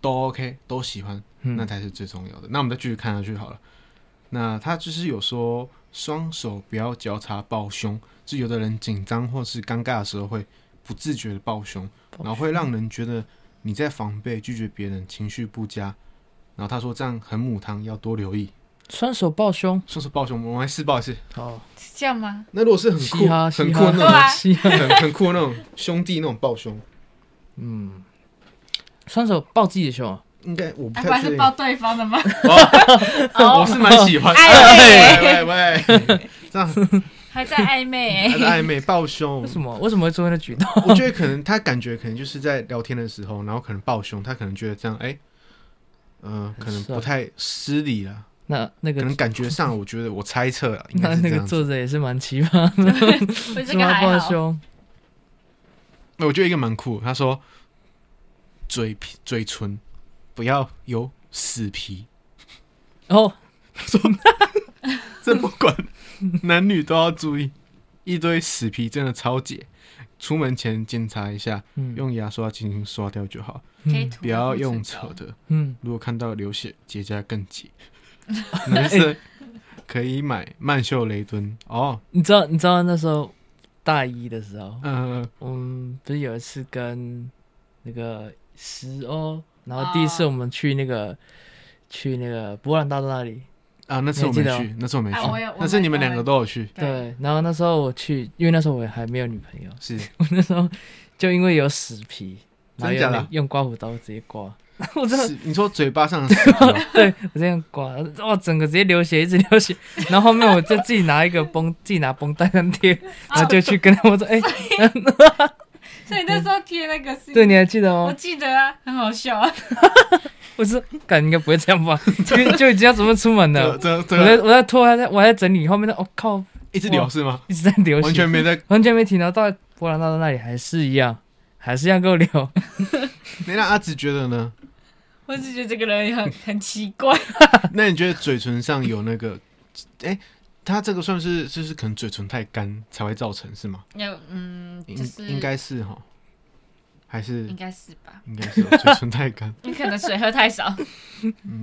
都 OK，都喜歡，那才是最重要的。嗯、那我們再繼續看下去好了。那他就是有說雙手不要交叉抱胸，就有的人緊張或是尷尬的時候會不自覺的抱胸，然後會讓人覺得你在防備、拒絕別人，情緒不佳。然後他說這樣很母湯，要多留意。雙手抱胸，雙手抱胸，我們來試抱一次。好、oh.。這樣嗎？那如果是很酷，嘻哈嘻哈很酷，哈那，種對，啊、很哈很酷那種，很很酷那種兄弟那種抱胸，嗯，雙手抱自己的時候，啊，應該我不太是抱對方的嗎？哦哦、我是蠻喜歡曖，哎欸欸欸欸嗯昧，欸、昧，喂喂，這樣還在曖昧，曖昧抱胸，為什麼？為什麼會做那個舉動？我覺得可能他感覺可能就是在聊天的時候，然後可能抱胸，他可能覺得這樣，哎、欸，嗯、呃，可能不太失禮了。那那個可能感覺上，我覺得我猜測應該是這樣。那那個作者也是蠻奇葩的。為什麼要抱胸？我覺得一個蠻酷。他說：嘴皮嘴唇不要有死皮。然、哦、後他說： 這不管 男女都要注意，一堆死皮真的超解。出門前檢查一下、嗯，用牙刷輕輕刷掉就好、嗯。不要用扯的。嗯，如果看到流血結，結痂更擠。沒事，可以買曼秀雷敦哦，oh. 你知道你知道那時候大一的時候，嗯嗯，我們不是有一次跟那個石歐，然後第一次我們去那個、oh. 去那個波蘭大道那裡啊，那次我沒去，哦、那次我沒去，oh. 那次你們兩個都有去對，對。然後那時候我去，因為那時候我還沒有女朋友，是我那時候就因為有死皮，然後用刮鬍刀直接刮。真的假的？ 我真的，你說嘴巴上？ 對，我這樣刮，哇、哦，整個直接流血，一直流血，然後後面我就自己拿一個繃， 自己拿繃帶上貼， 然後就去跟他們說，哎、欸，所以那時候貼那個， 對，你還記得嗎、哦？我記得啊，很好笑啊。 我是感應該不會這樣吧 就，就已經要準備出門了。我在我在拖，還在我還在整理，後面那，我、哦、靠，一直流是嗎？一直在流，完全沒在，完全沒停。到博然後到波蘭大道那裡還是一樣，還是一樣給我流。那 阿芷覺得呢？我是覺得這個人很很奇怪。 那你覺得嘴唇上有那個，哎、欸，他這個算是就是可能嘴唇太乾才會造成是嗎？有，嗯，就是、應該是哈，還是應該是吧？應該是嘴唇太乾，你可能水喝太少，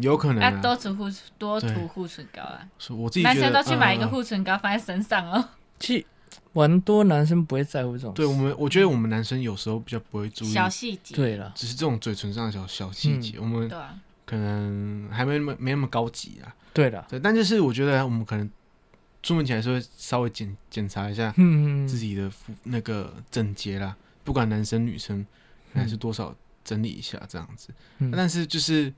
有可能啊，啊多塗護多塗護唇膏啊！是我自己男生都去買一個護唇膏放在身上哦。去。 很多男生不會在乎這種，對我們，我覺得我們男生有時候比較不會注意小細節，對啦，只是這種嘴唇上的小小細節、嗯，我們可能還沒那麼沒那麼高級啊。對的，對，但就是我覺得我們可能出門前時候會稍微檢檢查一下，嗯，自己的那個整潔啦、嗯，不管男生女生還是多少整理一下這樣子。嗯啊、但是就是，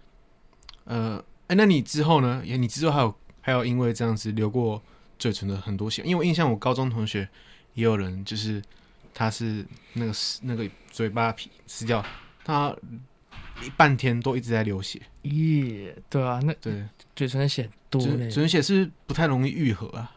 呃、哎、欸，那你之後呢？哎，你之後還有還有因為這樣子留過？嘴唇的很多血，因為我印象，我高中同學也有人，就是他是那個那個嘴巴皮撕掉，他一半天都一直在流血。耶、yeah，對啊，那對嘴唇的血多，嘴唇血是不太容易愈合啊，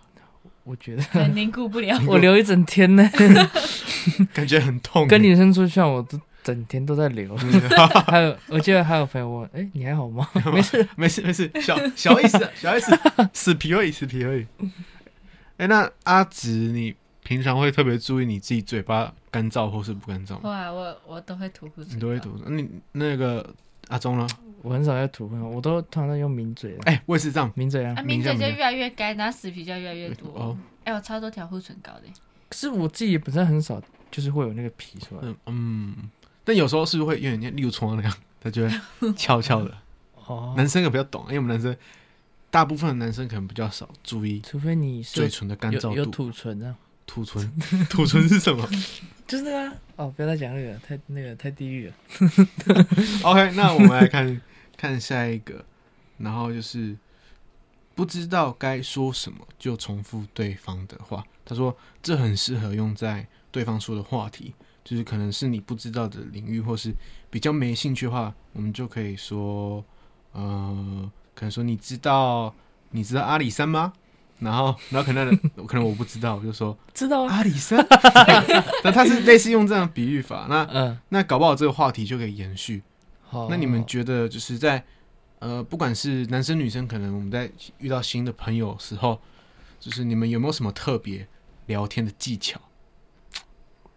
我覺得凝固不了，我流一整天呢， 感覺很痛。跟女生出去啊，我都。整天都在流， 還有我記得還有朋友問，哎、欸，你還好嗎？ 沒事沒事 沒事，小小意思小 S 死皮而已死皮而已。哎、欸，那阿直，你平常會特別注意你自己嘴巴乾燥或是不乾燥嗎？會啊，我我都會塗護唇，都會塗。你那個阿忠呢？我很少要塗，我都常常用抿嘴。哎、欸，我也是這樣抿嘴啊，抿、啊、嘴就越來越乾，然後死皮就越來越多。哦，哎、欸，我超多條護唇膏的。可是我自己也本身很少，就是會有那個皮嗯嗯。但有時候是，不是會有點像，例如床那樣，他就會悄悄的。 哦，男生也比較懂，因為我們男生大部分的男生可能比較少注意，除非你是嘴唇的乾燥度有吐唇、唇，吐唇，吐唇是什麼？就是那個哦，不要再講那個了，太那個太地獄了。 OK，那我們來看看下一個，然後就是不知道該說什麼就重複對方的話。他說這很適合用在對方說的話題。就是可能是你不知道的領域，或是比較沒興趣的話，我們就可以說，呃，可能說你知道，你知道阿里山嗎？然後，然後可能、那個、 可能我不知道，我就說知道、啊、阿里山。那他是類似用這樣的比喻法，那、嗯、那搞不好這個話題就可以延續。好、嗯，那你們覺得就是在呃，不管是男生女生，可能我們在遇到新的朋友的時候，就是你們有沒有什麼特別聊天的技巧？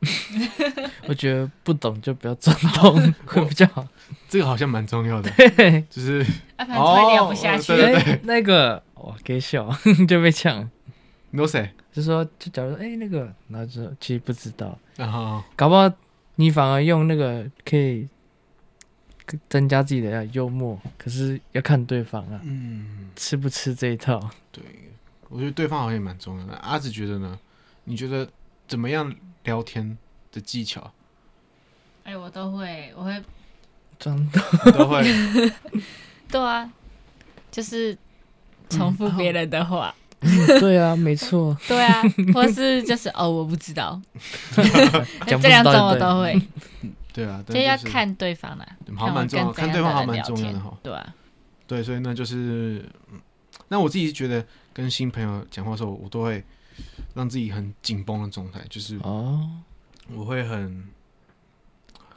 我覺得不懂就不要裝懂會比較好，這個好像蠻重要的。對，就是阿凡、啊哦啊欸、那個我給笑就被嗆。No，誰？就說就假如說，哎、欸，那個，然後就其實不知道啊好好，搞不好你反而用那個可以增加自己的幽默，可是要看對方啊，嗯，吃不吃這一套？對，我覺得對方好像也蠻重要的。阿芷覺得呢？你覺得怎麼樣？聊天的技巧，哎、欸，我都會，我會，真的我都會， 對啊，就是重複別人的話，嗯、啊 對啊，沒錯， 對啊，或是就是哦，我不知道，這兩種我都會， 對啊，對、就是。這要看對方啦、啊。還蠻重要，看對方還蠻重要的哈，對啊，對，所以那就是，那我自己覺得跟新朋友講話的時候，我都會。讓自己很緊繃的狀態，就是哦，我會很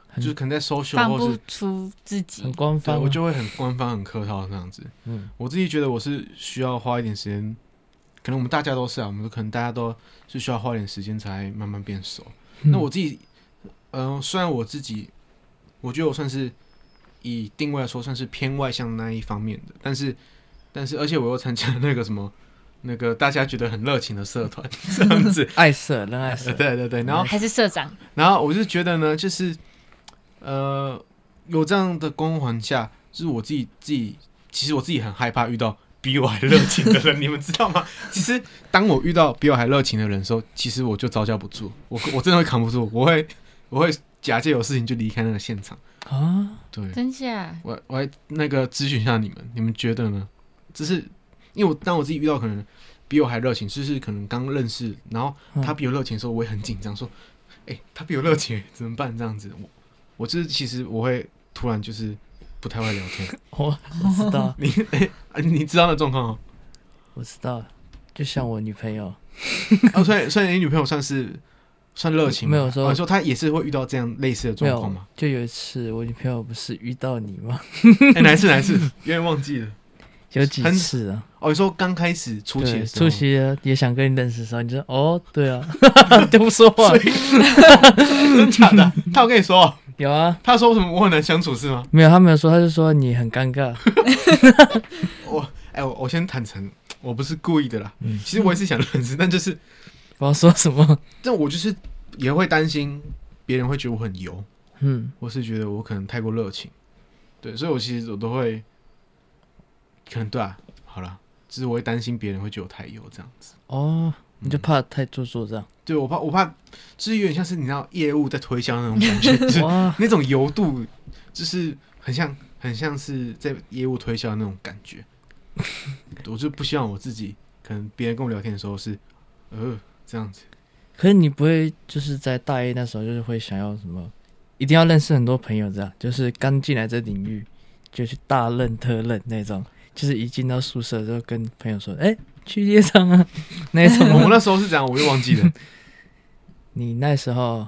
，oh. 就是可能在 social、嗯、或是放不出自己，很官方、啊，我就會很官方、很客套這樣子。嗯，我自己覺得我是需要花一點時間，可能我們大家都是啊，我們都可能大家都是需要花一點時間才慢慢變熟。嗯、那我自己，嗯、呃，雖然我自己，我覺得我算是以定位來說算是偏外向那一方面的，但是，但是，而且我又參加了那個什麼。那個大家覺得很熱情的社團這樣子，愛社能愛社，對對對。然後還是社長。然後我就覺得呢，就是，呃，有這樣的光環下，就是我自己自己，其實我自己很害怕遇到比我還熱情的人，你們知道嗎？其實當我遇到比我還熱情的人的時候，其實我就招架不住，我我真的會扛不住，我會我會假借有事情就離開那個現場啊。對，真假？我我那個諮詢一下你們，你們覺得呢？只是。因為我當我自己遇到可能比我還熱情，就是可能剛認識，然後他比我熱情的時候，我也很緊張，說：“誒、嗯、欸，他比我熱情怎麼辦？”這樣子，我我這其實我會突然就是不太會聊天。哦、我知道你誒、欸、啊，你知道的狀況。我知道，就像我女朋友。哦、 啊，所以所以你女朋友算是算熱情。沒有說、啊、你說她也是會遇到這樣類似的狀況嗎？就有一次，我女朋友不是遇到你嗎？哎、 欸，哪次？哪次，有點忘記了。有幾次啊？哦，你說剛開始初期的時候，初期、啊、也想跟你認識的時候，你說哦，對啊， 都不說話， 哦、真的假的？他有跟你說？ 有啊。他說什麼？我很難相處是嗎？沒有，他沒有說，他就說你很尷尬。 我哎、欸，我我先坦誠，我不是故意的啦。嗯，其實我也是想認識，但就是我要說什麼。但我就是也會擔心別人會覺得我很油。嗯，我是覺得我可能太過熱情。對，所以我其實我都會。可能對啊，好了，就是我會擔心別人會覺得我太油這樣子哦、oh, 嗯，你就怕太做作這樣？對，我怕，我怕，就是有點像是你知道業務在推銷那種感覺，哇、 就是 wow，那種油度，就是很像，很像是在業務推銷那種感覺。 我就不希望我自己，可能別人跟我聊天的時候是，呃，這樣子。可是你不會就是在大一那時候就是會想要什麼，一定要認識很多朋友這樣，就是剛進來這領域就去大認特認那種。就是一進到宿舍，就跟朋友說：“哎、欸，去夜場啊！” 那種。我們那時候是這樣，我又忘記了。 你那時候，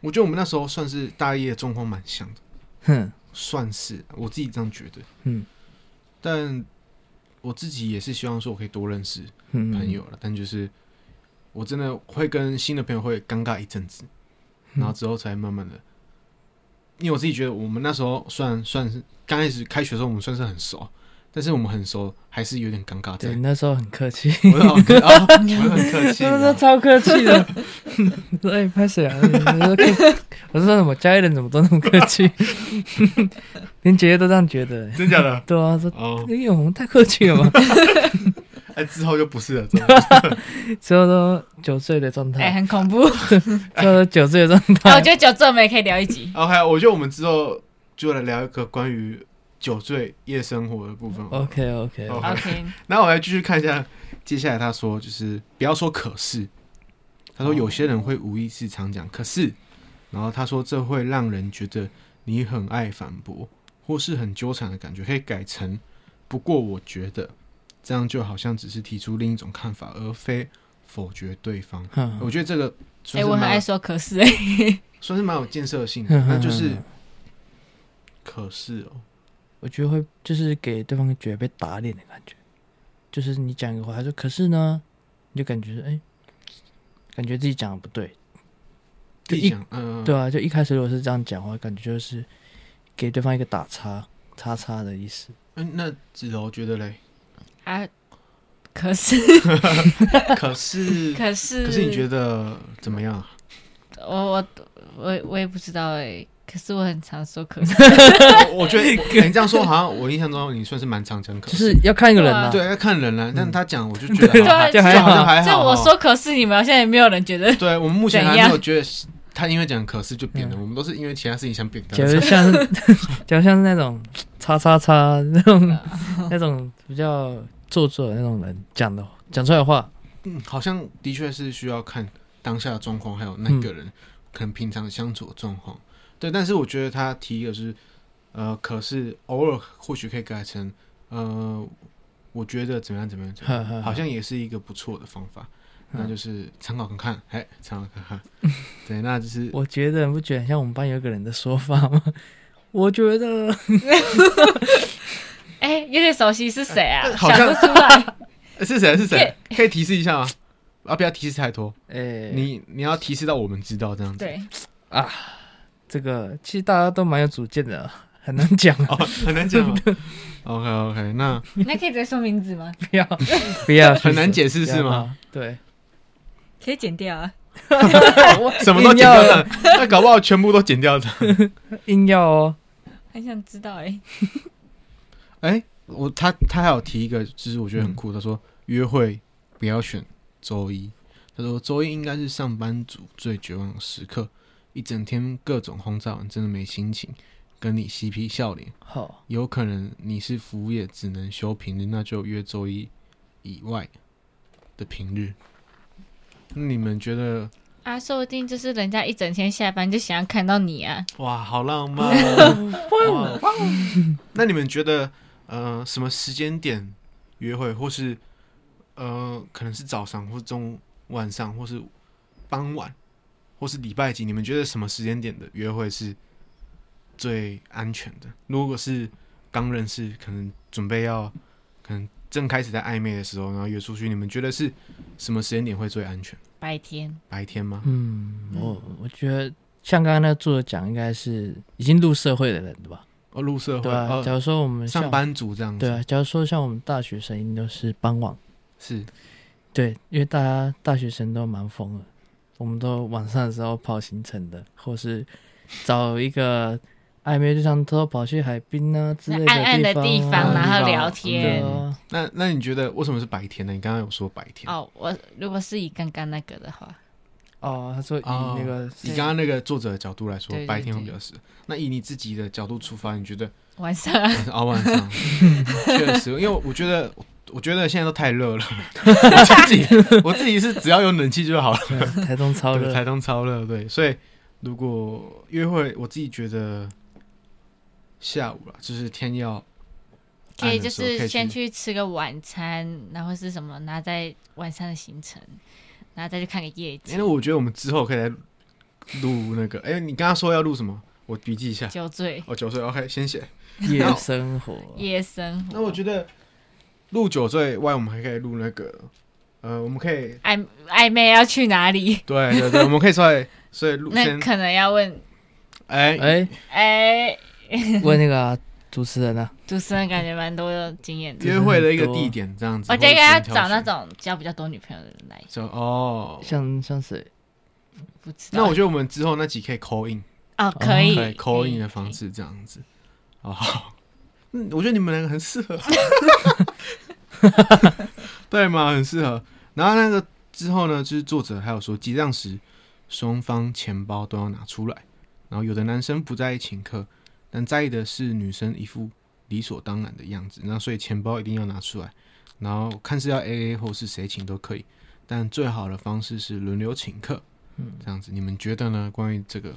我覺得我們那時候算是大一的狀況蠻像的。哼，算是我自己這樣覺得。嗯。但我自己也是希望說，我可以多認識朋友了，嗯嗯。但就是，我真的會跟新的朋友會尷尬一陣子，然後之後才慢慢的。嗯、因為我自己覺得，我們那時候算算是剛開始開學的時候，我們算是很熟。但是我們很熟，還是有點尷尬，對。對，那時候很客氣。我哈、哦、 很客氣。他們說超客氣的， 欸思啊欸、說，以拍水啊，我說什麼 家裡人怎麼都那麼客氣， 連姐姐都這樣覺得、欸，真假的？ 對啊，說李永宏太客氣了嘛。哎，之後就不是了，之後都九歲的狀態，哎、欸，很恐怖。之 後都九歲的狀態、欸， 我覺得九歲我們也可以聊一集。OK，我覺得我們之後就來聊一個關於。酒醉夜生活的部分。OK OK OK, okay。那我來繼續看一下，接下來他說就是不要說可是，他說有些人會無意識常講、oh. 可是，然後他說這會讓人覺得你很愛反駁或是很糾纏的感覺，可以改成不過我覺得這樣就好像只是提出另一種看法，而非否決對方。Huh. 我覺得這個哎、欸，我很愛說可是哎、欸，算是蠻有建設性的，那 就是 可是哦。我覺得會就是給對方覺得被打臉的感覺，就是你講一個話，他說“可是呢”，你就感覺哎、欸，感覺自己講的不對。就一、嗯，對啊，就一開始如果是這樣講話，感覺就是給對方一個打叉叉叉的意思。嗯、欸，那子柔覺得嘞？啊，可是， 可是，可是，可是，可是，你覺得怎麼樣啊？我我我我也不知道哎、欸。可是我很常說，可是 我覺得你這樣說，好像我印象中你算是蠻常講。可是， 是要看一個人啦，啊，啊，對，要看人啦，啊。但他講，我就覺得還， 啊，就還好，還好。就我說可是你們現在也沒有人覺得對，對我們目前還沒有覺得他因為講可是就扁了，我們都是因為其他事情想扁他，嗯。就像是 像是那種叉叉叉那種那種比較做作的那種人講的講出來的話，嗯，好像的確是需要看當下的狀況，還有那個人，嗯，可能平常相處的狀況。對，但是我覺得他提一個就是，呃，可是偶爾或許可以改成，呃，我覺得怎麼樣怎麼樣怎麼樣，好像也是一個不錯的方法，呵呵呵，那就是參考看看，哎、嗯，參考看看，對，那就是。我覺得不覺得像我們班有個人的說法嗎？我覺得，哎、 欸，有點熟悉是、啊，是誰啊？好像 是吧？想不出來，是誰？是誰？可以提示一下嗎？啊，不要提示太多，哎、欸，你你要提示到我們知道這樣子，對啊。這個其實大家都蠻有主見的，很難講 哦。很難講、哦、 OK OK，那那可以再說名字嗎？不要，不要， 是不是很難解釋是，是嗎？對，可以剪掉啊。 什麼都剪掉的，那搞不好全部都剪掉的。 硬要哦，很想知道哎。哎、 欸，我他他還有提一個，就是我覺得很酷、嗯。他說約會不要選周一，他說周一應該是上班族最絕望的時刻。一整天各種轟炸，你真的沒心情跟你嬉皮笑臉。好，oh，有可能你是服務業，只能休平日，那就約周一以外的平日。你們覺得啊，說不定就是人家一整天下班就想要看到你啊。哇，好浪漫！ 哇 那你們覺得，呃，什麼時間點約會，或是呃，可能是早上，或是中午，晚上，或是傍晚？或是禮拜幾？你們覺得什麼時間點的約會是最安全的？如果是剛認識，可能準備要，可能正開始在曖昧的時候，然後約出去，你們覺得是什麼時間點會最安全？白天，白天嗎？嗯，我我覺得像剛剛那個作者講，應該是已經入社會的人，對吧？哦，入社會啊，啊。假如說我們上班族這樣子，對、啊。假如說像我們大學生，都是傍晚，是對，因為大家大學生都蠻瘋了。我們都晚上的時候跑行程的，或是找一個曖昧，就像偷偷跑去海邊啊之類的,地方,、啊暗暗的地,方啊、地方，然後聊天。那那你覺得為什麼是白天呢？你剛剛有說白天哦。我如果是以剛剛那個的話，哦，他說以那個、哦、以剛剛那個作者的角度來說，對對對白天會比較適合。那以你自己的角度出發，你覺得晚上？啊， 晚上確 實，因為我覺得。我覺得現在都太熱了 我自己，我自己是只要有冷氣就好了。台東超熱，台東超熱，對。所以如果約會，我自己覺得下午了，就是天要可以，可以就是先去吃個晚餐，然後是什麼，然後在晚上的行程，然後再去看個夜景。因、欸、為我覺得我們之後可以來錄那個，哎、欸，你剛剛說要錄什麼？我筆記一下。酒醉，哦、oh，酒醉，OK，先寫夜生活，夜生活。那我覺得。錄酒醉外，我們還可以錄那個，呃，我們可以曖曖昧要去哪裡？對對對，我們可以出來， 所以錄先那可能要問，哎哎哎，問那個、啊、主持人呢、啊？主持人感覺蠻多經驗的約、就是、會的一個地點這樣子。我覺得應該要找那種交比較多女朋友的人來。哦，像像是、啊、那我覺得我們之後那集可以 call in 啊、哦，可以，可以 call in 的方式這樣子，哦。好我覺得你們兩個很適合 對嗎？很適合。然後那個之後呢，就是作者還有說，結賬時雙方錢包都要拿出來。然後有的男生不在意請客，但在意的是女生一副理所當然的樣子。那所以錢包一定要拿出來。然後看是要 AA 或是誰請都可以，但最好的方式是輪流請客。嗯，這樣子你們覺得呢？關於這個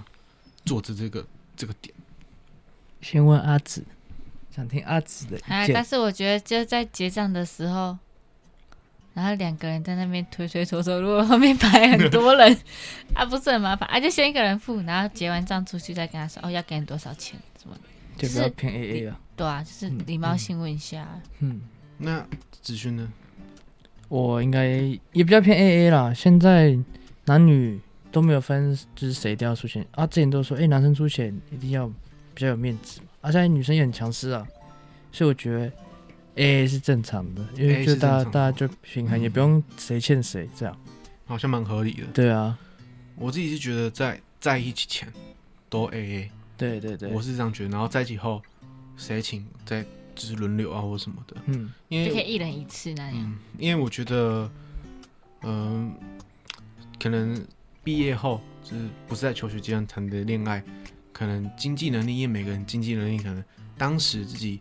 作者這個這個點，先問阿芷。想聽阿芷的。哎、啊，但是我覺得就在結賬的時候，然後兩個人在那邊推推拖拖，如果後面排很多人， 啊，不是很麻煩啊，就先一個人付，然後結完賬出去再跟他說，哦，要給你多少錢什麼的，就比較偏 A A 啊。對啊，就是禮貌性問一下。嗯，嗯嗯，那子勳呢？我應該也比較偏 A A 啦。現在男女都沒有分，就是誰都要出錢啊。之前都說，哎、欸，男生出錢一定要比較有面子。而、啊、現在女生也很強勢啊，所以我覺得 A A 是正常的，因為就大家大家就平衡，也不用誰欠誰這樣，嗯、好像蠻合理的。對啊，我自己是覺得在在一起前都 A A，對對對，我是這樣覺得。然後在一起後，誰請在就是輪流啊或什麼的。嗯，因為就可以一人一次那樣、嗯。因為我覺得，嗯、呃，可能畢業後就是不是在求學階段談的戀愛。可能經濟能力，因為每個人經濟能力可能當時自己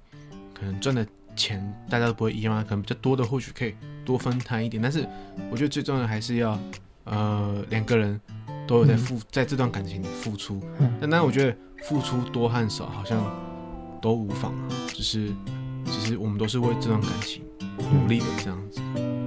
可能賺的錢大家都不會一樣，可能比較多的或許可以多分攤一點，但是我覺得最重要的還是要呃兩個人都有在付、嗯、在這段感情裡付出，但當然我覺得付出多和少好像都無妨，只是只是我們都是為這段感情努力的這樣子。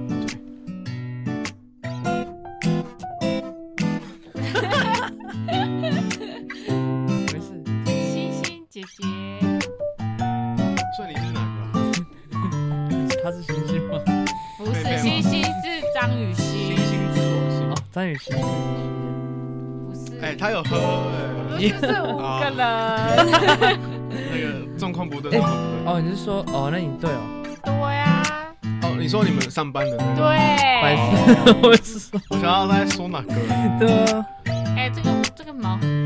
你就是五個人， 哦、 那個狀況不對，欸、哦，哦哦、你是說， 哦，那你對哦，對呀。哦，你說你們上班的那個，對、哦， 我想要來說哪個？ 對，哎，這個這個毛。